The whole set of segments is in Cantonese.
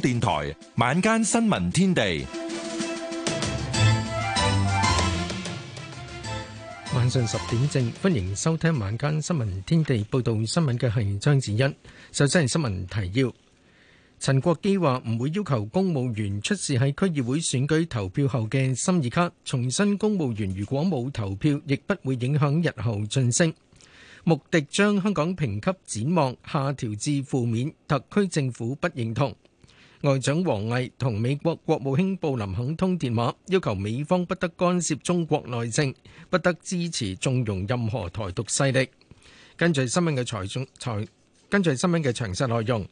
電台晚間新聞天地，晚上十點正，歡迎收聽晚間新聞天地報道新聞嘅係張子欣。首先係新聞提要：陳國基話唔會要求公務員出示喺區議會選舉投票後嘅心意卡，重申公務員如果冇投票，亦不會影響日後晉升。穆迪將香港評級展望下調至負面，特區政府不認同。外長王毅同美國國務卿布林肯通電話，要求美方不得干涉中國內政，不得支持縱容任何台獨勢力。跟住新聞嘅詳盡，跟住新聞嘅詳細內容。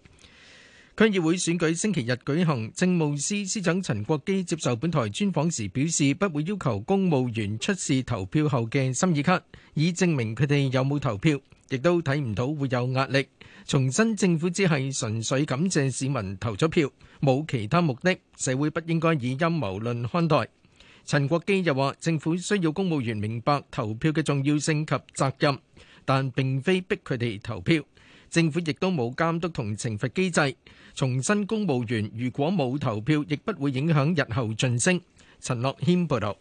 區議會選舉星期日舉行，政務司司長陳國基接受本台專訪時表示，不會要求公務員出示投票後嘅心意卡，以證明佢哋有冇投票。亦都睇唔到會有壓力。重申政府只係純粹感謝市民投咗票，冇其他目的。社會不應該以陰謀論看待。陳國基又話：政府需要公務員明白投票嘅重要性及責任，但並非逼佢哋投票。政府亦都冇監督同懲罰機制。重申公務員如果冇投票，亦不會影響日後晉升。陳樂軒報導。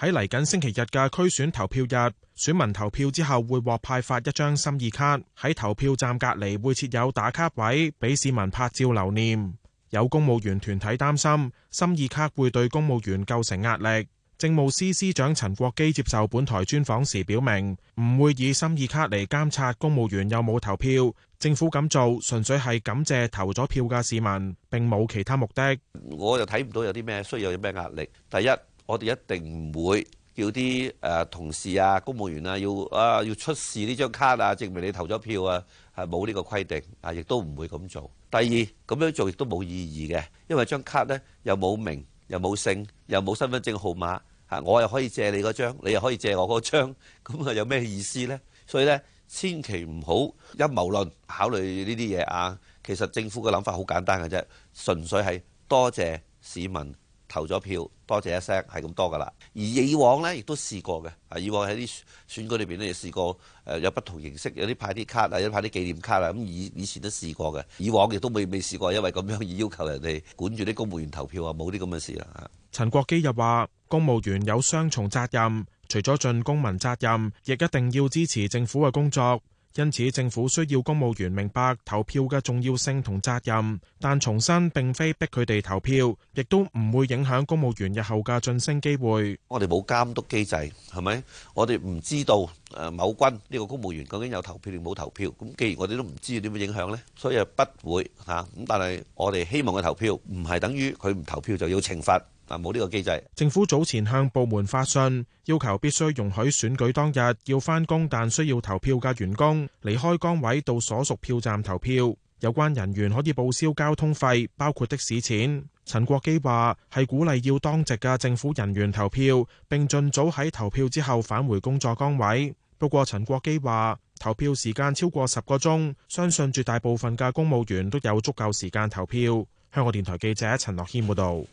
喺嚟緊星期日嘅區選投票日，選民投票之後會獲派發一張心意卡。喺投票站隔籬會設有打卡位，俾市民拍照留念。有公務員團體擔心心意卡會對公務員構成壓力。政務司司長陳國基接受本台專訪時表明，唔會以心意卡嚟監察公務員有冇投票。政府咁做純粹係感謝投咗票嘅市民，並冇其他目的。我又睇唔到有啲咩需要有啲有咩壓力。第一。我哋一定唔會叫啲誒同事啊、公務員啊，要啊要出示呢張卡啊，證明你投咗票啊，係冇呢個規定啊，亦都唔會咁做。第二咁樣做亦都冇意義嘅，因為張卡呢又冇名，又冇姓，又冇身份證號碼吓，我又可以借你嗰張，你又可以借我嗰張，咁啊有咩意思呢？所以呢，千祈唔好陰謀論考慮呢啲嘢啊！其實政府嘅諗法好簡單嘅啫，純粹係多謝市民。投咗票，多謝一聲，係咁多噶啦。而以往呢，亦都試過嘅。啊，以往喺啲選舉裏邊咧，亦試過誒有不同形式，有啲派啲卡啊，有派啲紀念卡啦。咁以以前都試過嘅。以往亦都未未試過，因為咁樣要求人哋管住啲公務員投票啊，冇啲咁嘅事啦。陳國基又話，公務員有雙重責任，除咗盡公民責任，亦一定要支持政府嘅工作。因此，政府需要公務員明白投票嘅重要性同責任，但重申並非逼佢哋投票，亦都唔會影響公務員日後嘅晉升機會。我哋冇監督機制，係咪？我哋唔知道誒某君呢個公務員究竟有投票定冇投票，咁既然我哋都唔知，點樣影響呢？所以不會嚇。咁但係我哋希望佢投票，唔係等於佢唔投票就要懲罰。但冇呢個機制。政府早前向部門發信，要求必須容許選舉當日要返工但需要投票嘅員工離開崗位到所屬票站投票。有關人員可以報銷交通費，包括的士錢。陳國基話係鼓勵要當值嘅政府人員投票，並盡早喺投票之後返回工作崗位。不過，陳國基話投票時間超過十個鐘，相信絕大部分嘅公務員都有足夠時間投票。香港電台記者陳樂謙報道。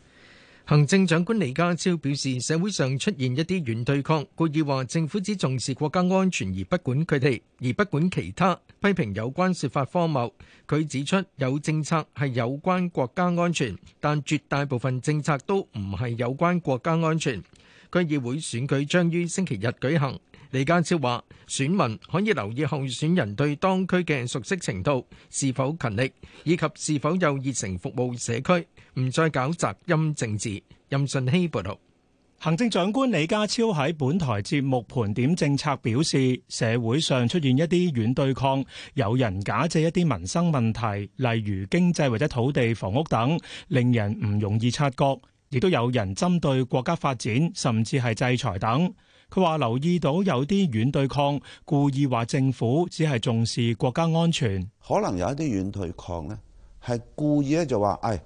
行政長官李家超表示，社會上出現一啲軟對抗，故意話政府只重視國家安全而不管佢哋，而不管其他，批評有關說法荒謬。佢指出有政策係有關國家安全，但絕大部分政策都唔係有關國家安全。區議會選舉將於星期日舉行。李家超話，選民可以留意候選人對當區嘅熟悉程度，是否勤力，以及是否有熱情服務社區，唔再搞雜音政治。任信希報道，行政長官李家超喺本台節目盤點政策，表示社會上出現一啲軟對抗，有人假借一啲民生問題，例如經濟或者土地、房屋等，令人唔容易察覺，亦都有人針對國家發展，甚至係制裁等。佢話留意到有啲軟對抗，故意話政府只係重視國家安全，可能有一啲軟對抗咧，係故意咧就話，誒，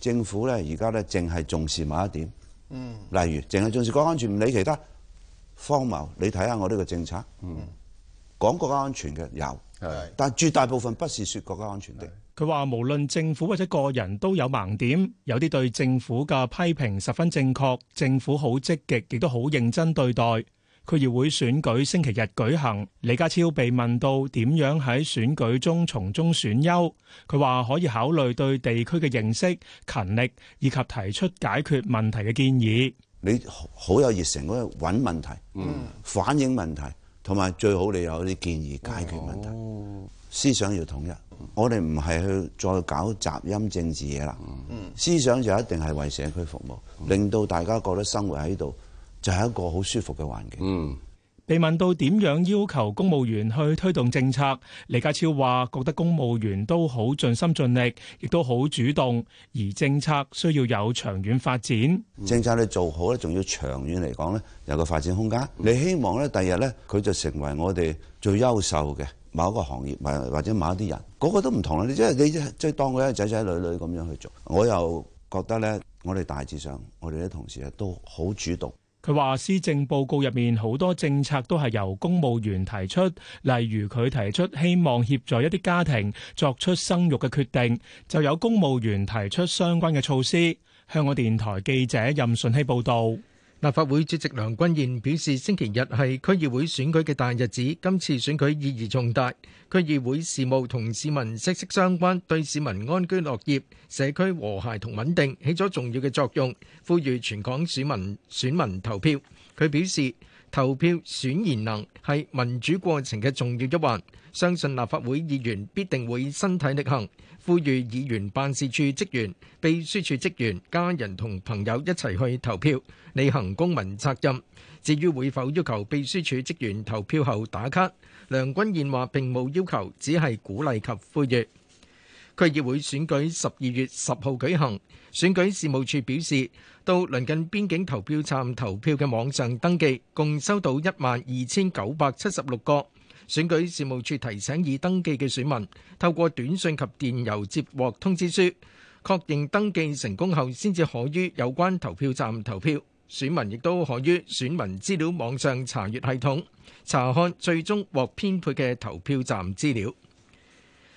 政府咧而家咧淨係重視某一點，嗯，例如淨係重視國家安全唔理其他，荒謬，你睇下我呢個政策，嗯，講國家安全嘅有，係，但係絕大部分不是說國家安全的。佢話無論政府或者個人都有盲點，有啲對政府嘅批評十分正確，政府好積極，亦都好認真對待。區議會選舉星期日舉行，李家超被問到點樣喺選舉中從中選優，佢話可以考慮對地區嘅認識、勤力以及提出解決問題嘅建議。你好有熱誠，去揾問題，嗯，反映問題，同埋最好你有啲建議解決問題。嗯思想要統一，我哋唔係去再搞雜音政治嘢啦、嗯。思想就一定係為社區服務，令到大家覺得生活喺度就係一個好舒服嘅環境。嗯。被問到點樣要求公務員去推動政策，李家超話覺得公務員都好盡心盡力，亦都好主動，而政策需要有長遠發展、嗯。政策你做好咧，仲要長遠嚟講咧，有個發展空間。你希望咧，第日咧，佢就成為我哋最優秀嘅。某一個行業，或者某一啲人，嗰個都唔同啦。你即係你即係當佢係仔仔女女咁樣去做，我又覺得咧，我哋大致上，我哋啲同事都好主動。佢話，施政報告入面好多政策都係由公務員提出，例如佢提出希望協助一啲家庭作出生育嘅決定，就有公務員提出相關嘅措施。香港電台記者任順希報道。立法會主席梁君彥表示，星期日係區議會選舉嘅大日子，今次選舉意義重大。區議會事務同市民息息相關，對市民安居樂業、社區和諧同穩定起咗重要嘅作用。呼籲全港市民選民投票。佢表示，投票選賢能係民主過程嘅重要一環，相信立法會議員必定會身體力行。呼籲議員辦事處職員、秘書處職員、家人同朋友一齊去投票，履行公民責任。至於會否要求秘書處職員投票後打卡，梁君彥話並冇要求，只係鼓勵及呼籲。區議會選舉十二月十號舉行，選舉事務處表示，到鄰近邊境投票站投票嘅網上登記，共收到一萬二千九百七十六個。選舉事務處提醒已登記嘅選民透過短信及電郵接獲通知書，確認登記成功後先至可於有關投票站投票。選民亦都可於選民資料網上查閱系統，查看最終獲編配嘅投票站資料。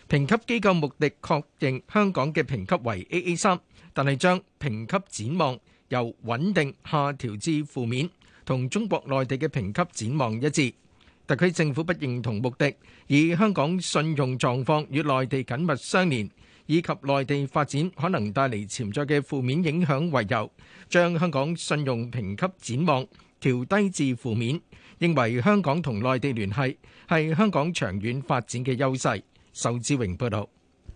評級機構穆迪確認香港嘅評級為 Aa3，但係將評級展望由穩定下調至負面，同中國內地嘅評級展望一致。特區政府不認同穆迪，以香港信用狀況與內地緊密相連，以及內地發展可能帶嚟潛在嘅負面影響為由，將香港信用評級展望調低至負面，認為香港同內地聯繫係香港長遠發展嘅優勢。仇志榮報導。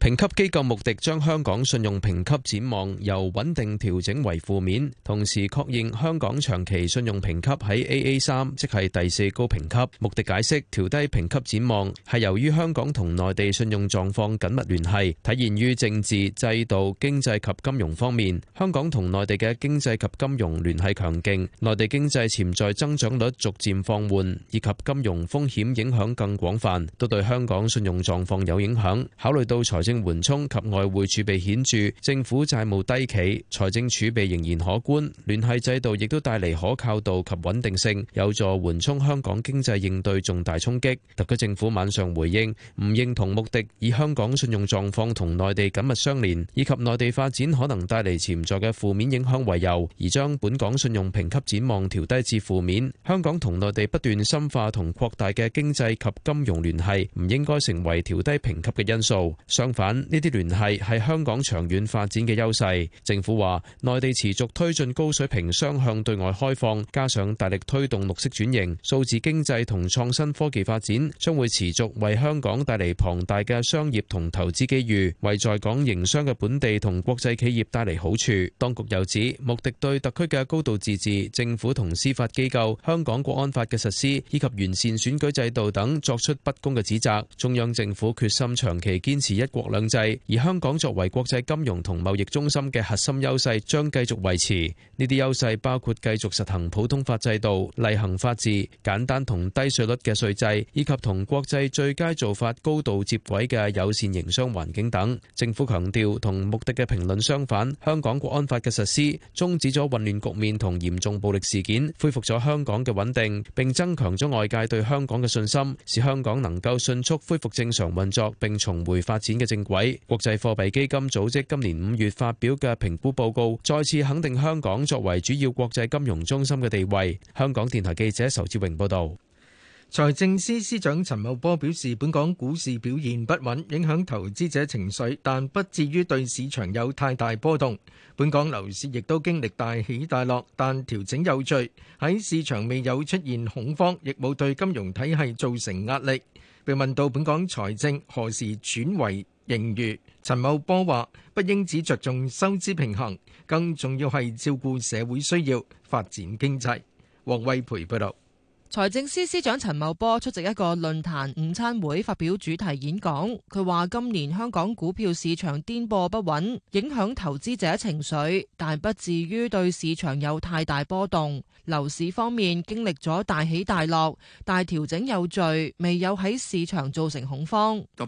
評級機構穆迪將香港信用評級展望由穩定調整為負面，同時確認香港長期信用評級喺 AA 三，即係第四高評級。穆迪解釋調低評級展望係由於香港同內地信用狀況緊密聯繫，體現於政治、制度、經濟及金融方面。香港同內地嘅經濟及金融聯繫強勁，內地經濟潛在增長率逐漸放緩，以及金融風險影響更廣泛，都對香港信用狀況有影響。考慮到財政。緩衝及外匯儲備顯著，政府債務低企，財政儲備仍然可觀，聯繫制度亦都帶嚟可靠度及穩定性，有助緩衝香港經濟應對重大衝擊。特區政府晚上回應，唔認同穆迪，以香港信用狀況同內地緊密相連，以及內地發展可能帶嚟潛在嘅負面影響為由，而將本港信用評級展望調低至負面。香港同內地不斷深化同擴大嘅經濟及金融聯繫，唔應該成為調低評級嘅因素。相反。呢啲聯繫係香港長遠發展嘅優勢。政府話，內地持續推進高水平雙向對外開放，加上大力推動綠色轉型、數字經濟同創新科技發展，將會持續為香港帶嚟龐大嘅商業同投資機遇，為在港營商嘅本地同國際企業帶嚟好處。當局又指，目的對特區嘅高度自治、政府同司法機構、香港國安法嘅實施以及完善選舉制度等作出不公嘅指責。中央政府決心長期堅持一國兩制，而香港作為國際金融同貿易中心嘅核心優勢將繼續維持。呢啲優勢包括繼續實行普通法制度、厲行法治、簡單同低稅率嘅稅制，以及同國際最佳做法高度接軌嘅友善營商環境等。政府強調，同目的嘅評論相反，香港國安法嘅實施終止咗混亂局面同嚴重暴力事件，恢復咗香港嘅穩定，並增強咗外界對香港嘅信心，使香港能夠迅速恢復正常運作，並重回發展嘅正軌。位國際貨幣基金組織今年五月發表嘅評估報告，再次肯定香港作為主要國際金融中心嘅地位。香港電台記者仇志榮報道，財政司司長陳茂波表示，本港股市表現不穩，影響投資者情緒，但不至於對市場有太大波動。本港樓市亦都經歷大起大落，但調整有序，喺市場未有出現恐慌，亦冇對金融體系造成壓力。被問到本港財政何時轉為盈餘，陳茂波話，不應只着重收支平衡，更重要係照顧社會需要，發展經濟。黃惠培報道。財政司司長陳茂波出席一個論壇午餐會，發表主題演講。佢話：今年香港股票市場顛簸不穩，影響投資者情緒，但不至於對市場有太大波動。樓市方面經歷咗大起大落，但調整有序，未有喺市場造成恐慌。The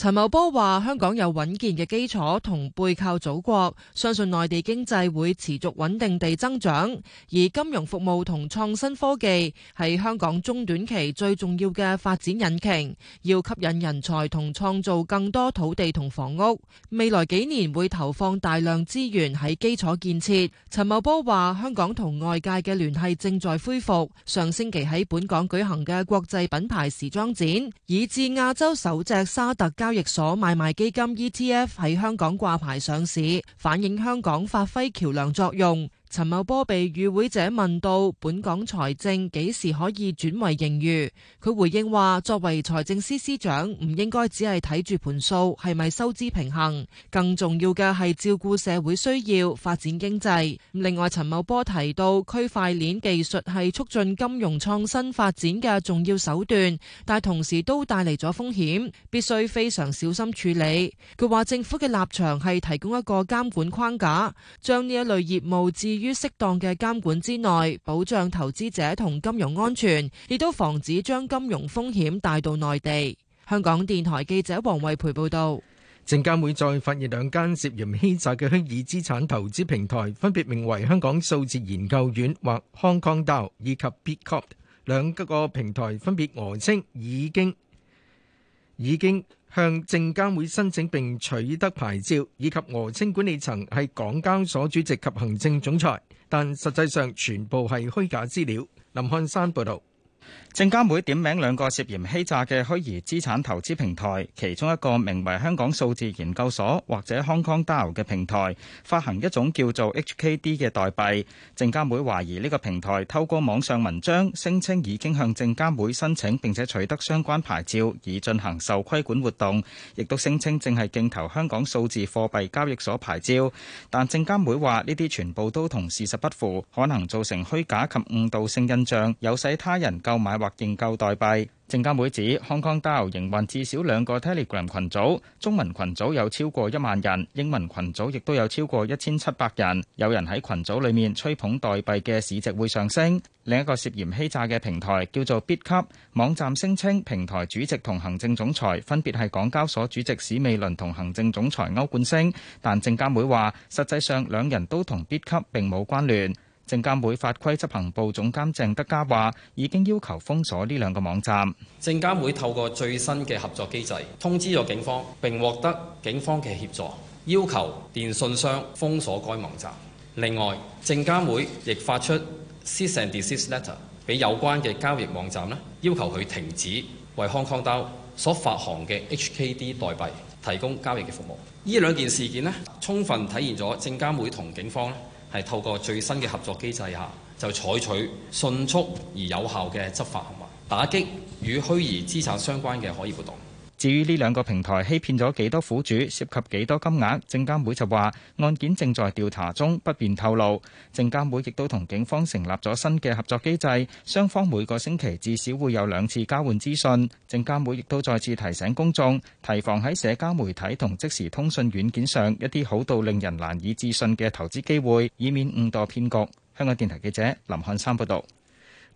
陳茂波話：香港有穩健嘅基礎同背靠祖國，相信內地經濟會持續穩定地增長。而金融服務同創新科技係香港中短期最重要嘅發展引擎，要吸引人才同創造更多土地同房屋。未來幾年會投放大量資源喺基礎建設。陳茂波話：香港同外界嘅聯繫正在恢復。上星期喺本港舉行嘅國際品牌時裝展，以至亞洲首隻沙特加。交易所買賣基金 ETF 喺香港掛牌上市，反映香港發揮橋梁作用。陳茂波被與會者問到本港財政幾時可以轉為盈餘，佢回應話：作為財政司司長，唔應該只係睇住盤數係咪收支平衡，更重要嘅係照顧社會需要、發展經濟。另外，陳茂波提到區塊鏈技術係促進金融創新發展嘅重要手段，但同時都帶嚟咗風險，必須非常小心處理。佢話政府嘅立場係提供一個監管框架，將呢一類業務至。於適當嘅監管之內，保障投資者同金融安全，亦都防止將金融風險帶到內地。香港電台記者黃慧培報道，證監會再發現兩間涉嫌欺詐嘅虛擬資產投資平台，分別名為香港數字研究院或 Hong Kong DAO 以及 Bitcoin。兩個平台分別訛稱已經已經。向證監會申請並取得牌照，以及訛稱管理層係港交所主席及行政總裁，但實際上全部係虛假資料。林漢山報道。證監會點名兩個涉嫌欺詐嘅虛擬資產投資平台，其中一個名為香港數字研究所或者 Hong Kong DAO 嘅平台，發行一種叫做 HKD 嘅代幣。證監會懷疑呢個平台透過網上文章聲稱已經向證監會申請並且取得相關牌照，以進行受規管活動，亦都聲稱正係競投香港數字貨幣交易所牌照。但證監會話呢啲全部都同事實不符，可能造成虛假及誤導性印象，有使他人構。買或認購代幣，證監會指 Hong Kong DAO 營運至少兩個 Telegram 群組，中文群組有超過一萬人，英文群組亦都有超過一千七百人。有人喺群組裏面吹捧代幣嘅市值會上升。另一個涉嫌欺詐嘅平台叫做 Bitcup，網站聲稱平台主席同行政總裁分別係港交所主席史美倫同行政總裁歐冠升，但證監會話實際上兩人都同 Bitcup 並冇關聯。證監會法規執行部總監鄭德嘉話，已經要求封鎖呢兩個網站。證監會透過最新嘅合作機制，通知咗警方，並獲得警方嘅協助，要求電信商封鎖該網站。另外，證監會亦發出 Cease and Desist Letter 俾有關嘅交易網站咧，要求佢停止為 Hong Kong DAO 所發行嘅 HKD 代幣提供交易嘅服務。呢兩件事件咧，充分體現咗證監會同警方係透過最新嘅合作機制下，就採取迅速而有效嘅執法行為，打擊與虛擬資產相關嘅可疑活動。至於呢兩個平台欺騙咗幾多苦主，涉及幾多金額，證監會就話案件正在調查中，不便透露。證監會亦都同警方成立咗新嘅合作機制，雙方每個星期至少會有兩次交換資訊。證監會亦都再次提醒公眾提防喺社交媒體同即時通訊軟件上一啲好到令人難以置信嘅投資機會，以免誤墮騙局。香港電台記者林漢山報導。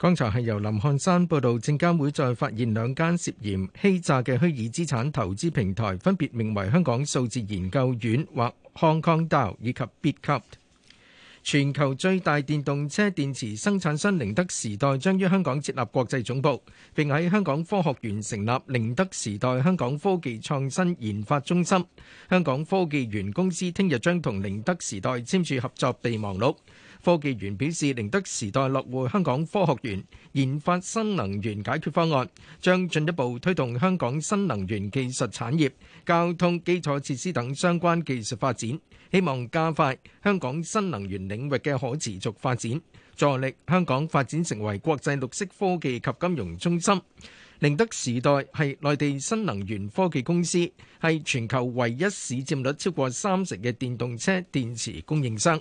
剛才係由林漢山報道，證監會再發現兩間涉嫌欺詐嘅虛擬資產投資平台，分別名為香港數字研究院或 Hong Kong DAO 以及 Bitcup。全球最大電動車電池生產商寧德時代將於香港設立國際總部，並喺香港科學園成立寧德時代香港科技創新研發中心。香港科技園公司聽日將同寧德時代簽署合作備忘錄。科技園表示，寧德時代落戶香港科學園，研發新能源解決方案，將進一步推動香港新能源技術產業、交通基礎設施等相關技術發展，希望加快香港新能源領域嘅可持續發展，助力香港發展成為國際綠色科技及金融中心。寧德時代係內地新能源科技公司，係全球唯一市佔率超過三成嘅電動車電池供應商。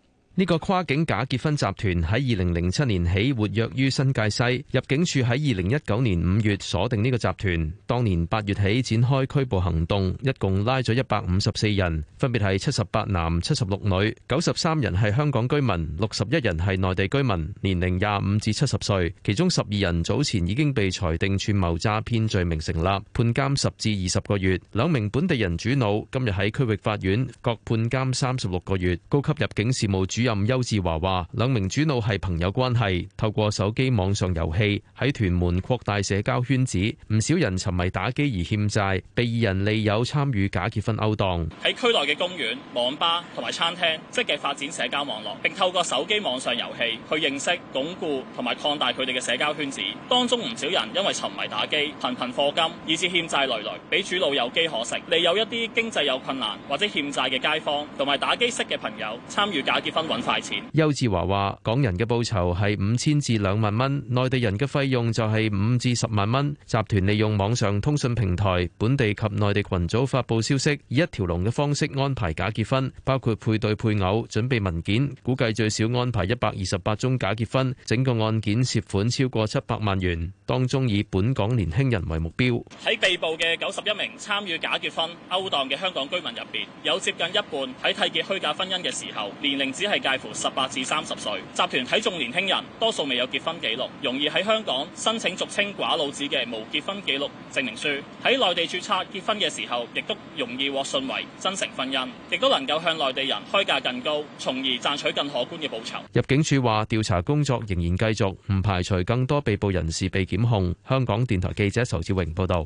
呢、這個跨境假結婚集團喺二零零七年起活躍於新界西，入境處喺二零一九年五月鎖定呢個集團，當年八月起展開拘捕行動，一共拉咗一百五十四人，分別係七十八男，七十六女，九十三人係香港居民，六十一人係內地居民，年齡廿五至七十歲，其中十二人早前已經被裁定串謀詐騙罪名成立，判監十至二十個月，兩名本地人主腦今日喺區域法院各判監三十六個月，高級入境事務主主任邱志華話：兩名主腦係朋友關係，透過手機網上遊戲喺屯門擴大社交圈子，唔少人沉迷打機而欠債，被二人利誘參與假結婚勾當。喺區內嘅公園、網吧同埋餐廳積極發展社交網絡，並透過手機網上遊戲去認識、鞏固同埋擴大佢哋嘅社交圈子。當中唔少人因為沉迷打機頻頻課金，以致欠債累累，俾主腦有機可乘。利誘一啲經濟有困難或者欠債嘅街坊同埋打機識嘅朋友參與假結婚。邱志華話，港人嘅報酬係五千至兩萬蚊，內地人嘅費用就係五至十萬蚊。集團利用網上通訊平台、本地及內地群組發布消息，以一條龍嘅方式安排假結婚，包括配對配偶、準備文件。估計最少安排一百二十八宗假結婚，整個案件涉款超過七百萬元。當中以本港年輕人為目標。喺被捕嘅九十一名參與假結婚勾當嘅香港居民入邊，有接近一半喺締結虛假婚姻嘅時候，年齡只係。介乎十八至三十歲，集團睇重年輕人，多數未有結婚記錄，容易喺香港申請俗稱寡老子嘅無結婚記錄證明書，喺內地注冊結婚嘅時候，亦都容易獲信為真誠婚姻，亦都能夠向內地人開價更高，從而賺取更可觀嘅報酬。入境處話調查工作仍然繼續，唔排除更多被捕人士被檢控。香港電台記者仇志榮報道。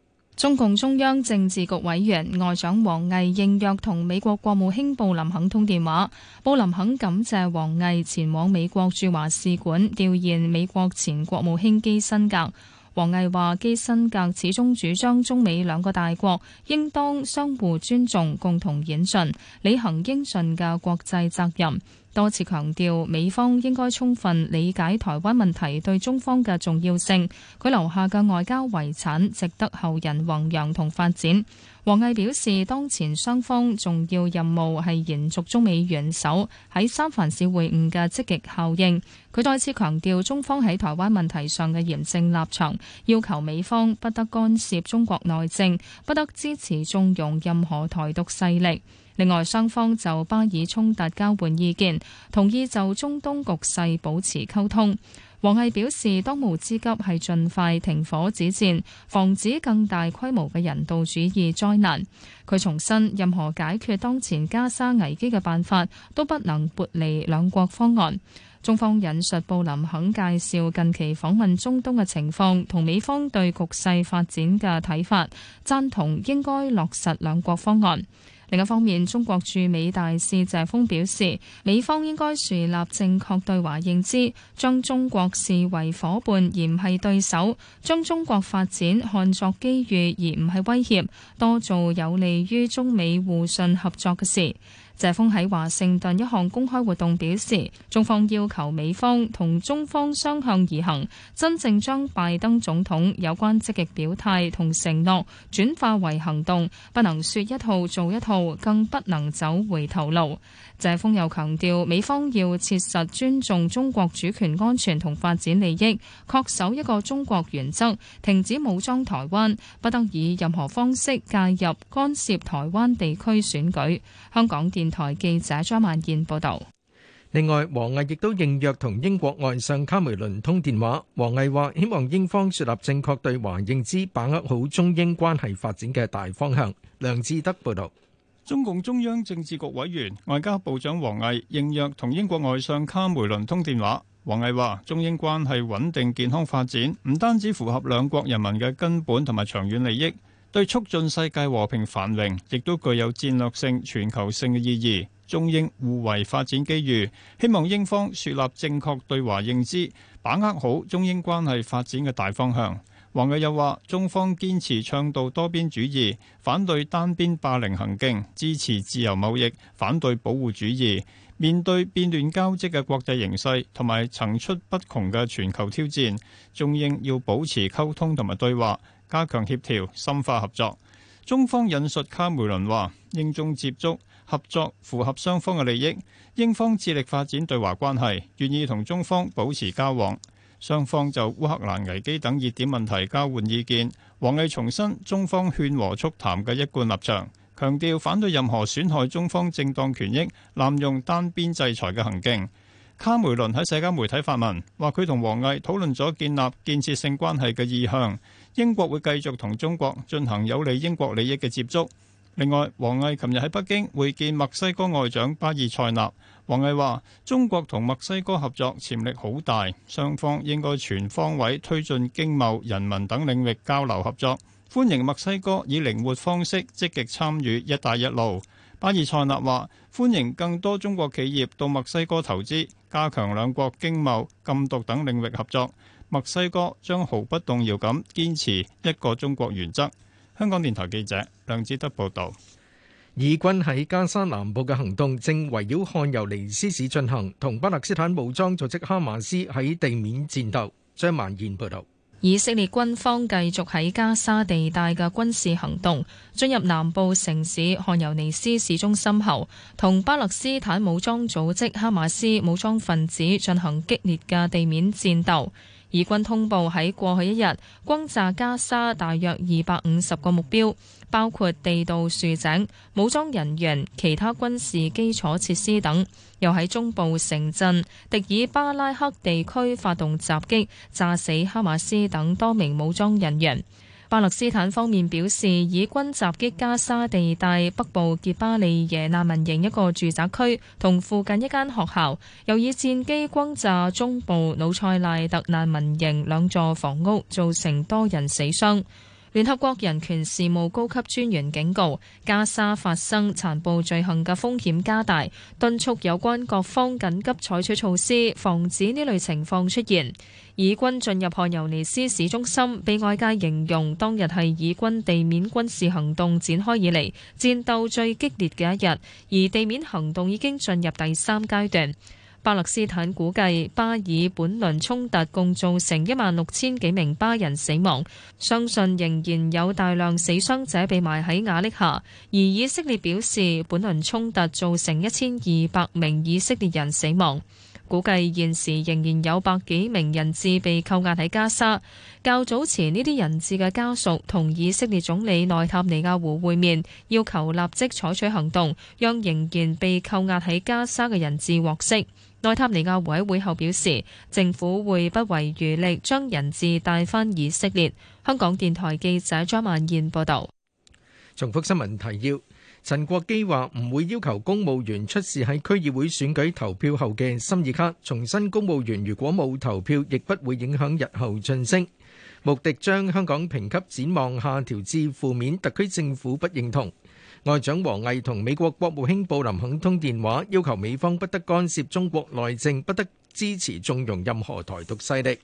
中共中央政治局委員外長王毅應約同美國國務卿布林肯通電話，布林肯感謝王毅前往美國駐華使館吊唁美國前國務卿基辛格。王毅話：基辛格始終主張中美兩個大國應當相互尊重，共同演進，履行應盡嘅國際責任。多次強調，美方應該充分理解台灣問題對中方嘅重要性。佢留下嘅外交遺產值得後人弘揚同發展。王毅表示，當前雙方重要任務係延續中美元首喺三藩市會晤嘅積極效應。佢再次強調，中方喺台灣問題上嘅嚴正立場，要求美方不得干涉中國內政，不得支持縱容任何台獨勢力。另外，雙方就巴以衝突交換意見，同意就中東局勢保持溝通。王毅表示，當務之急係盡快停火止戰，防止更大規模嘅人道主義災難。佢重申，任何解決當前加沙危機嘅辦法都不能撥離兩國方案。中方引述布林肯介紹近期訪問中東嘅情況，同美方對局勢發展嘅睇法，贊同應該落實兩國方案。另一方面，中國駐美大使謝峰表示，美方應該樹立正確對華認知，將中國視為伙伴而唔係對手，將中國發展看作機遇而唔係威脅，多做有利於中美互信合作嘅事。謝鋒喺華盛頓一項公開活動表示，中方要求美方同中方相向而行，真正將拜登總統有關積極表態同承諾轉化為行動，不能說一套做一套，更不能走回頭路。謝鋒又強調，美方要切實尊重中國主權安全同發展利益，恪守一個中國原則，停止武裝台灣，不得以任何方式介入干涉台灣地區選舉。香港電台記者張萬燕報導。另外，王毅亦都應約同英國外相卡梅倫通電話。王毅話：希望英方樹立正確對華認知，把握好中英關係發展嘅大方向。梁志德報導。中共中央政治局委員、外交部長王毅應約同英國外相卡梅倫通電話，王毅話中英關係穩定健康發展，唔單止符合兩國人民嘅根本同埋長遠利益，對促進世界和平繁榮亦都具有戰略性、全球性嘅意義，中英互為發展機遇，希望英方樹立正確對華認知，把握好中英關係發展嘅大方向。王毅又話：中方堅持倡導多邊主義，反對單邊霸凌行徑，支持自由貿易，反對保護主義。面對變亂交織嘅國際形勢同埋層出不窮嘅全球挑戰，仲應要保持溝通同埋對話，加強協調，深化合作。中方引述卡梅倫話：英中接觸合作符合雙方嘅利益，英方致力發展對華關係，願意同中方保持交往。雙方就烏克蘭危機等熱點問題交換意見。王毅重申中方勸和促談嘅一貫立場，強調反對任何損害中方正當權益、濫用單邊制裁嘅行徑。卡梅倫喺社交媒體發文，話佢同王毅討論咗建立建設性關係嘅意向。英國會繼續同中國進行有利英國利益嘅接觸。另外，王毅琴日喺北京會見墨西哥外長巴爾塞納。王毅話：中國同墨西哥合作潛力好大，雙方應該全方位推進經貿、人民等領域交流合作，歡迎墨西哥以靈活方式積極參與「一帶一路」。巴爾塞納話：歡迎更多中國企業到墨西哥投資，加強兩國經貿、禁毒等領域合作。墨西哥將毫不動搖咁堅持一個中國原則。香港電台記者梁志德報導。以軍喺加沙南部嘅行動正圍繞汗尤尼斯市進行，同巴勒斯坦武裝組織哈馬斯喺地面戰鬥。張曼燕報導，以色列軍方繼續喺加沙地帶嘅軍事行動，進入南部城市汗尤尼斯市中心後，同巴勒斯坦武裝組織哈馬斯武裝分子進行激烈嘅地面戰鬥。以軍通報喺過去一日轟炸加沙大約二百五十個目標，包括地道、樹井、武裝人員、其他軍事基礎設施等。又喺中部城鎮迪爾巴拉克地區發動襲擊，炸死哈馬斯等多名武裝人員。巴勒斯坦方面表示，以軍襲擊加沙地帶北部傑巴利耶難民營一個住宅區同附近一間學校，又以戰機轟炸中部努塞賴特難民營兩座房屋，造成多人死傷。聯合國人權事務高級專員警告，加沙發生殘暴罪行嘅風險加大，敦促有關各方緊急採取措施，防止呢類情況出現。以軍進入汗尤尼斯市中心，被外界形容當日係以軍地面軍事行動展開以嚟戰鬥最激烈嘅一日，而地面行動已經進入第三階段。巴勒斯坦估計巴以本輪衝突共造成一萬六千幾名巴人死亡，相信仍然有大量死傷者被埋喺瓦礫下，而以色列表示本輪衝突造成一千二百名以色列人死亡。估計現時仍然有百幾名人質被扣押喺加沙。較早前呢啲人質嘅家屬同以色列總理內塔尼亞胡會面，要求立即採取行動，讓仍然被扣押喺加沙嘅人質獲釋。內塔尼亞胡喺會後表示，政府會不遺餘力將人質帶返以色列。香港電台記者張曼燕報道。重複新聞提要。陳國基話唔會要求公務員出示喺區議會選舉投票後嘅心意卡，重申公務員如果冇投票，亦不會影響日後晉升。穆迪將香港評級展望下調至負面，特區政府不認同。外長王毅同美國國務卿布林肯通電話，要求美方不得干涉中國內政，不得支持縱容任何台獨勢力。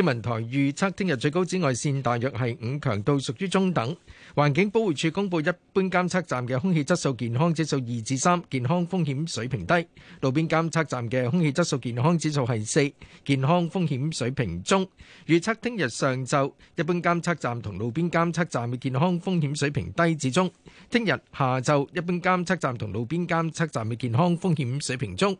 天文台預測聽日最高紫外線大約係五強度，屬於中等。環境保護署公佈一般監測站嘅空氣質素健康指數二至三，健康風險水平低；路邊監測站嘅空氣質素健康指數係四，健康風險水平中。預測聽日上晝一般監測站同路邊監測站嘅健康風險水平低至中；聽日下晝一般監測站同路邊監測站嘅健康風險水平中。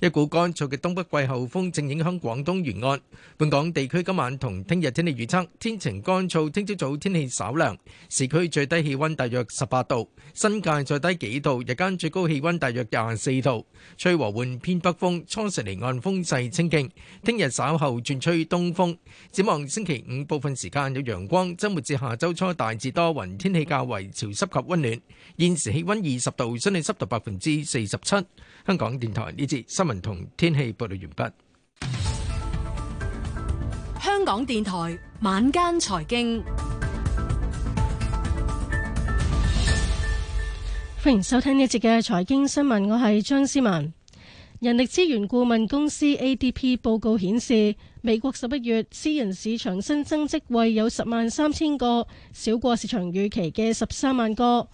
一股乾燥嘅東北季候風正影響廣東沿岸，本港地區今晚同聽日天氣預測天晴乾燥，聽朝早天氣稍涼，市區最低氣溫大約十八度，新界再低幾度，日間最高氣溫大約廿四度，吹和緩偏北風，初時離岸風勢清勁，聽日稍後轉吹東風。展望星期五部分時間有陽光，周末至下周初大致多雲，天氣較為潮濕及溫暖。現時氣溫二十度，相對濕度百分之四十七。香港電台呢節新聞同天氣報道完畢。香港電台晚間財經，歡迎收聽呢節嘅財經新聞，我係張思文。人力資源顧問公司 ADP 報告顯示，美國十一月私人市場新增職位有十萬三千個，少過市場預期嘅十三萬個。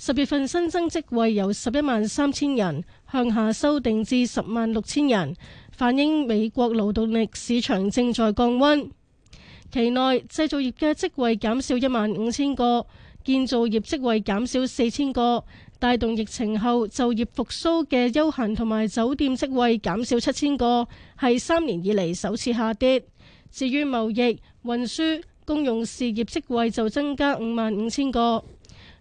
十月份新增職位有十一萬三千人。向下修訂至十萬六千人，反映美國勞動力市場正在降溫。期內製造業嘅職位減少一萬五千個，建造業職位減少四千個，帶動疫情後就業復蘇嘅休閒同埋酒店職位減少七千個，係三年以嚟首次下跌。至於貿易、運輸、公用事業職位就增加五萬五千個。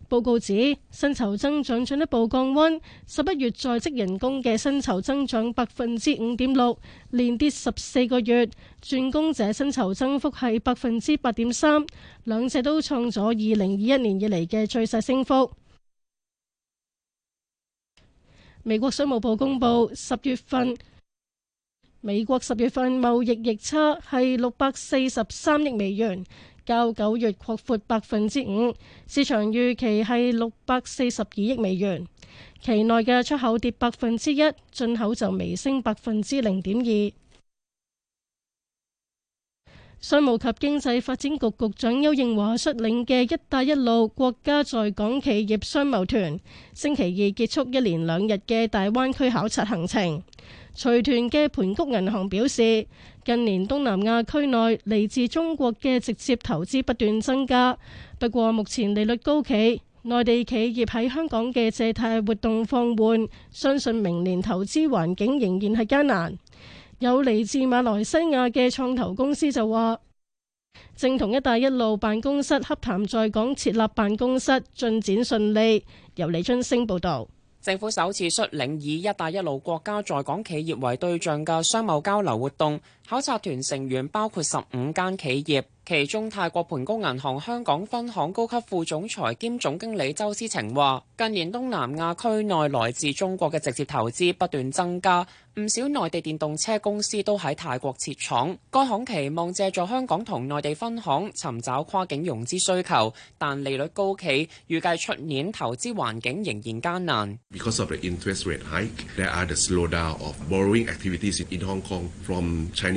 報告指薪酬增長進一步降温，十一月在職人工嘅薪酬增長百分之五點六，連跌十四個月。轉工者薪酬增幅係百分之八點三，兩者都創咗二零二一年以嚟嘅最細升幅。美國商務部公布十月份美國十月份貿易逆差係六百四十三億美元。較九月擴闊百分之五，市場預期係六百四十二億美元。期內嘅出口跌百分之一，進口就微升百分之零點二。商務及經濟發展局局長邱應華率領嘅“一帶一路”國家在港企業商貿團，星期二結束一連兩日嘅大灣區考察行程。財團嘅盤谷銀行表示，近年東南亞區內嚟自中國嘅直接投資不斷增加，不過目前利率高企，內地企業喺香港嘅借貸活動放緩，相信明年投資環境仍然係艱難。有嚟自馬來西亞嘅創投公司就話，正同一帶一路辦公室洽談在港設立辦公室進展順利。由李春升報道。政府首次率領以“一帶一路”國家在港企業為對象嘅商貿交流活動。考察團成員包括十五間企業，其中泰國盤谷銀行香港分行高級副總裁兼總經理周思晴話：近年東南亞區內來自中國嘅直接投資不斷增加，唔少內地電動車公司都喺泰國設廠。該行期望借助香港同內地分行尋找跨境融資需求，但利率高企，預計出年投資環境仍然艱難。Because of the interest rate hike, there are the slowdown of borrowing activities in Hong Kong from China.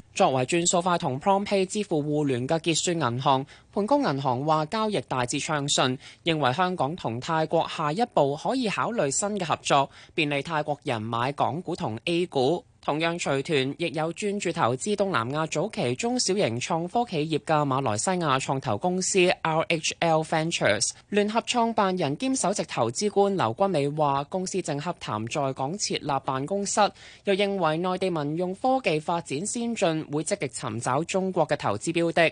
作為轉數快同 PromptPay 支付互聯嘅結算銀行，盤谷銀行話交易大致暢順，認為香港同泰國下一步可以考慮新嘅合作，便利泰國人買港股同 A 股。同樣隨團，亦有專注投資東南亞早期中小型創科企業嘅馬來西亞創投公司 RHL Ventures 聯合創辦人兼首席投資官劉君美話：公司正洽談在港設立辦公室，又認為內地民用科技發展先進，會積極尋找中國嘅投資標的。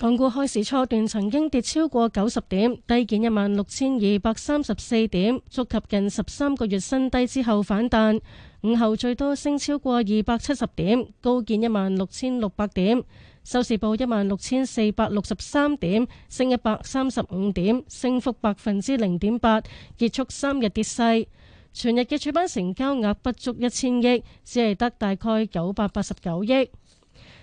港股開市初段曾經跌超過九十點，低見一萬六千二百三十四點，觸及近十三個月新低之後反彈。午後最多升超過二百七十點，高見一萬六千六百點，收市報一萬六千四百六十三點，升一百三十五點，升幅百分之零點八，結束三日跌勢。全日嘅主板成交額不足一千億，只係得大概九百八十九億。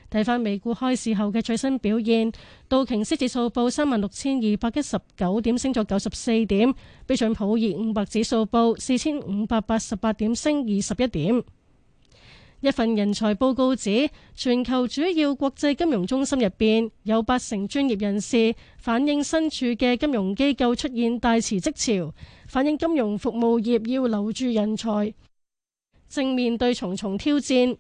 睇翻美股開市後嘅最新表現，道瓊斯指數報三萬六千二百一十九點，升咗九十四點；標準普爾五百指數報四千五百八十八點，升二十一點。一份人才報告指，全球主要國際金融中心入邊有八成專業人士反映，身處嘅金融機構出現大辭職潮，反映金融服務業要留住人才，正面對重重挑戰。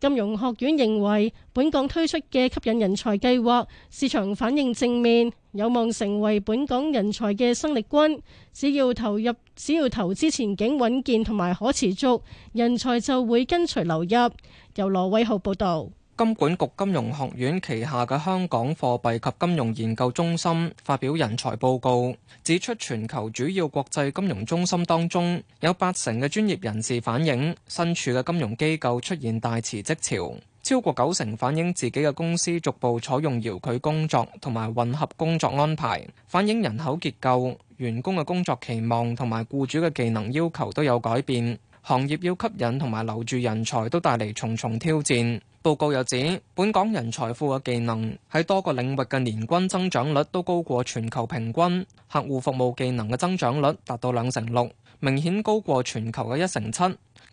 金融學院認為本港推出嘅吸引人才計劃，市場反應正面，有望成為本港人才嘅生力軍，只要投入，只要投資前景穩健同埋可持續，人才就會跟隨流入。由羅偉浩報道。金管局金融學院旗下嘅香港貨幣及金融研究中心發表人才報告，指出全球主要國際金融中心當中，有八成嘅專業人士反映身處嘅金融機構出現大辭職潮，超過九成反映自己嘅公司逐步採用遙距工作同埋混合工作安排，反映人口結構、員工嘅工作期望同埋僱主嘅技能要求都有改變。行業要吸引同埋留住人才都帶嚟重重挑戰，報告又指，本港人才庫嘅技能喺多個領域嘅年均增長率都高過全球平均。客戶服務技能嘅增長率達到兩成六，明顯高過全球嘅一成七。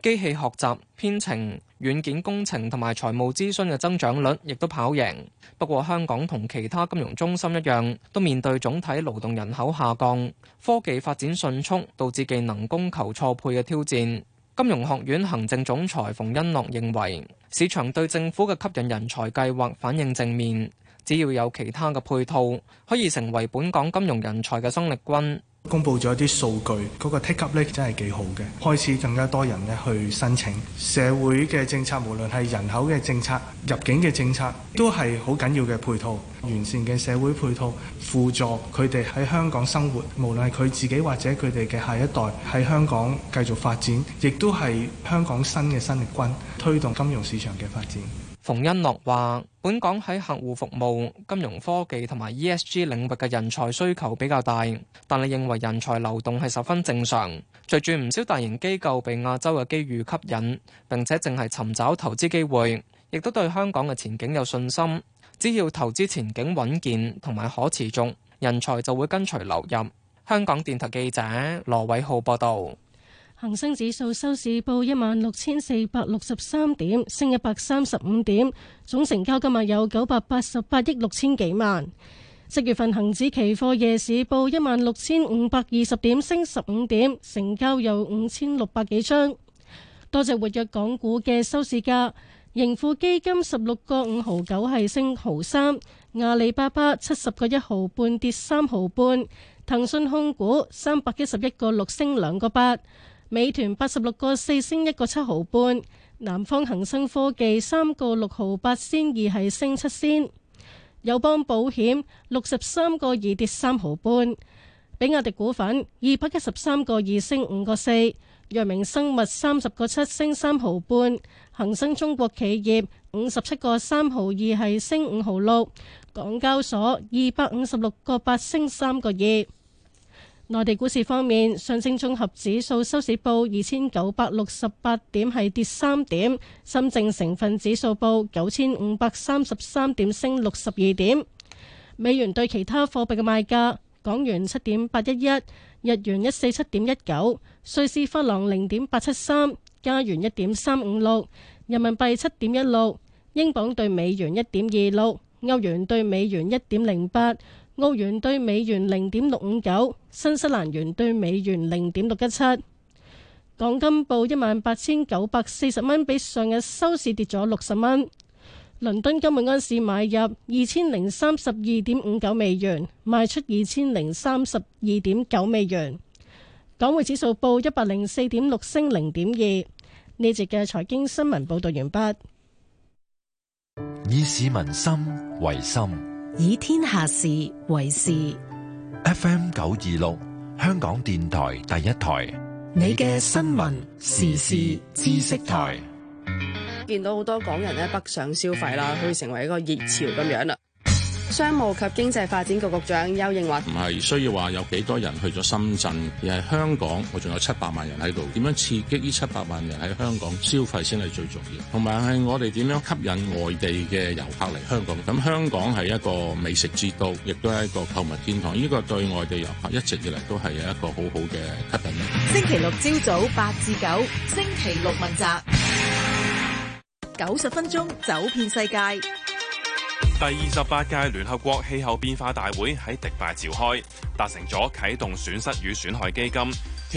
機器學習、編程、軟件工程同埋財務諮詢嘅增長率亦都跑贏。不過香港同其他金融中心一樣都面對總體勞動人口下降、科技發展迅速導致技能供求錯配嘅挑戰。金融學院行政總裁馮恩諾認為，市場對政府嘅吸引人才計劃反應正面，只要有其他嘅配套，可以成為本港金融人才嘅生力軍。公布咗一啲數據，嗰、那個 take up 咧真係幾好嘅，開始更加多人去申請社會嘅政策，無論係人口嘅政策、入境嘅政策，都係好緊要嘅配套。完善嘅社會配套，輔助佢哋喺香港生活，無論係佢自己或者佢哋嘅下一代喺香港繼續發展，亦都係香港新嘅生力軍，推動金融市場嘅發展。馮恩諾話，本港喺客戶服務、金融科技同埋 ESG 領域嘅人才需求比較大，但係認為人才流動係十分正常。隨住唔少大型機構被亞洲嘅機遇吸引，並且淨係尋找投資機會，亦都對香港嘅前景有信心。只要投資前景穩健同埋可持續，人才就會跟隨流入。香港電台記者羅偉浩報道。恒生指數收市報一萬六千四百六十三點，升一百三十五點，總成交今日有九百八十八億六千幾萬。即月份恒指期貨夜市報一萬六千五百二十點，升十五點，成交有五千六百幾張。多隻活躍港股嘅收市價，盈富基金十六個五毫九係升毫三，阿里巴巴七十個一毫半跌三毫半，騰訊控股三百一十一個六升兩個八。美團八十六個四升一個七毫半，南方恒生科技三個六毫八仙二係升七仙，友邦保險六十三個二跌三毫半，比亞迪股份二百一十三個二升五個四，藥明生物三十個七升三毫半，恒生中國企業五十七個三毫二係升五毫六，港交所二百五十六個八升三個二。內地股市方面，上證綜合指數收市報二千九百六十八點，係跌三點；深證成分指數報九千五百三十三點，升六十二點。美元對其他貨幣嘅賣價：港元七點八一一，日元一四七點一九，瑞士法郎零點八七三，加元一點三五六，人民幣七點一六，英鎊對美元一點二六，歐元對美元一點零八。澳元兌美元零點六五九，新西蘭元兌美元零點六一七。港金報一萬八千九百四十蚊，比上日收市跌咗六十蚊。倫敦金每盎司買入二千零三十二點五九美元，賣出二千零三十二點九美元。港匯指數報一百零四點六，升零點二。呢節嘅財經新聞報道完畢。以市民心為心。以天下事為事。FM 九二六，香港電台第一台。你嘅新聞時事知識台，看見到好多港人咧北上消費啦，佢會成為一個熱潮咁樣啦。商務及經濟發展局局長丘應樺唔係需要話有幾多人去咗深圳，而係香港，我仲有七百萬人喺度。點樣刺激呢七百萬人喺香港消費先係最重要，同埋係我哋點樣吸引外地嘅遊客嚟香港？咁香港係一個美食之都，亦都係一個購物天堂。呢個對外地遊客一直以嚟都係有一個好好嘅吸引。星期六朝早八至九，星期六問責九十分鐘，走遍世界。第二十八屆聯合國氣候變化大會喺迪拜召開，達成咗啟動損失與損害基金，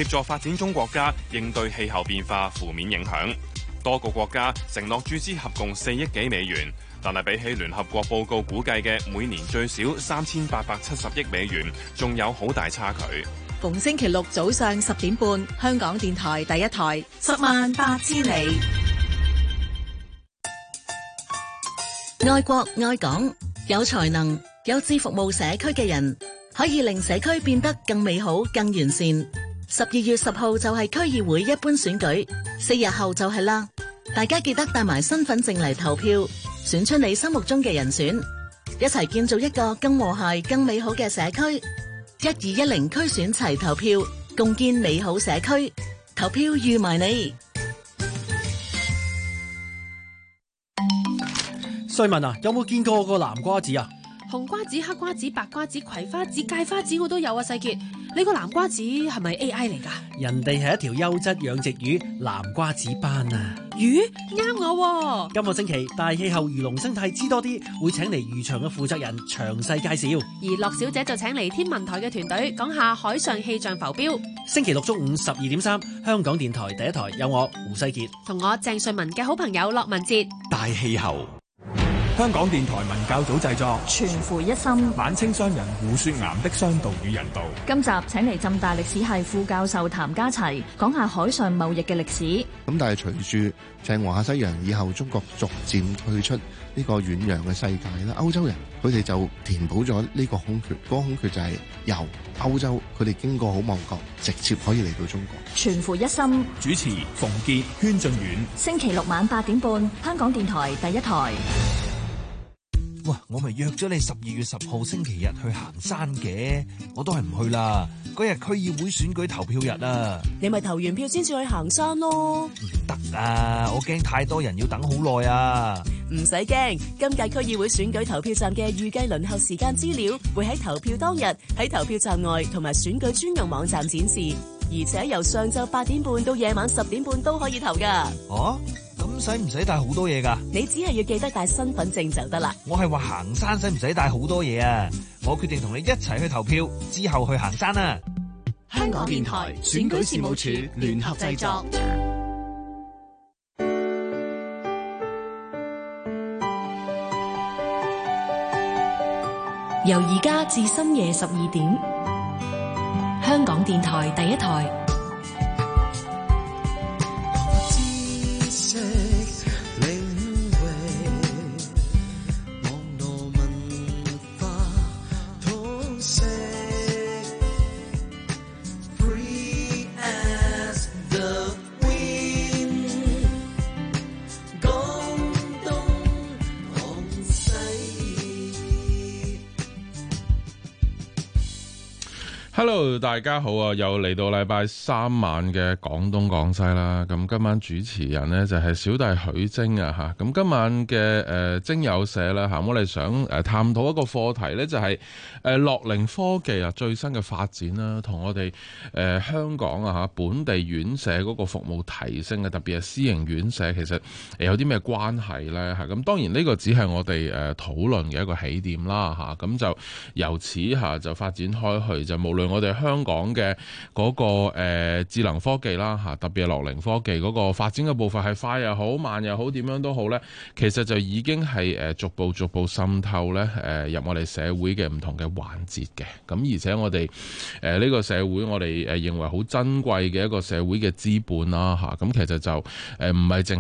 協助發展中國家應對氣候變化負面影響。多個國家承諾注資合共四億幾美元，但係比起聯合國報告估計嘅每年最少三千八百七十億美元，仲有好大差距。逢星期六早上十點半，香港電台第一台，十萬八千里。愛國愛港，有才能、有志服務社區嘅人，可以令社區變得更美好、更完善。十二月十號就係區議會一般選舉，四日後就係啦。大家記得帶埋身份證嚟投票，選出你心目中嘅人選，一齊建造一個更和諧、更美好嘅社區。一二一零區選齊投票，共建美好社區。投票預埋你。瑞文啊，有冇見過個南瓜子啊？紅瓜子、黑瓜子、白瓜子、葵花子、芥花籽，我都有啊！世傑，你個南瓜子係咪 AI 嚟噶？人哋係一條優質養殖魚，南瓜子斑啊！魚啱我、啊。今個星期大氣候魚龍生態知多啲，會請嚟漁場嘅負責人詳細介紹。而駱小姐就請嚟天文台嘅團隊講下海上氣象浮標。星期六中午十二點三，香港電台第一台有我胡世傑同我鄭瑞文嘅好朋友駱文哲。大氣候。香港電台文教組製作《全乎一心》，晚清商人胡雪巖的商道與人道。今集請嚟浸大歷史系副教授譚家齊講下海上貿易嘅歷史。咁但係隨住鄭和下西洋以後，中國逐漸退出呢個遠洋嘅世界啦。歐洲人佢哋就填補咗呢個空缺，嗰個空缺就係由歐洲佢哋經過好望角，直接可以嚟到中國。《全乎一心》，主持馮杰、軒進遠，星期六晚八點半，香港電台第一台。哇！我咪約咗你十二月十號星期日去行山嘅，我都係唔去啦。嗰日區議會選舉投票日啊，你咪投完票先至去行山咯。唔得啊！我驚太多人要等好耐啊。唔使驚，今屆區議會選舉投票站嘅預計輪候時間資料會喺投票當日喺投票站外同埋選舉專用網站展示，而且由上晝八點半到夜晚十點半都可以投㗎。哦、啊。咁使唔使帶好多嘢㗎？你只係要記得帶身份證就得啦。我係話行山使唔使帶好多嘢啊？我決定同你一齊去投票，之後去行山啊！香港電台選舉事務處聯合製作，由而家至深夜十二點，香港電台第一台。大家好啊！又嚟到禮拜三晚嘅廣東廣西啦。咁今晚主持人呢，就係小弟許晶啊吓。咁今晚嘅誒精友社啦吓，我哋想誒探討一個課題呢，就係誒樂齡科技啊最新嘅發展啦，同我哋誒香港啊吓本地院舍嗰個服務提升，特別係私營院舍，其實有啲咩關係呢？吓？咁當然呢個只係我哋誒討論嘅一個起點啦吓。咁就由此吓就發展開去，就無論我哋。香港嘅嗰個誒智能科技啦吓，特別係樂齡科技嗰個發展嘅步伐係快又好慢又好，點樣都好咧，其實就已經係誒逐步逐步滲透咧誒入我哋社會嘅唔同嘅環節嘅。咁而且我哋誒呢個社會，我哋誒認為好珍貴嘅一個社會嘅資本啦吓，咁其實就誒唔係淨。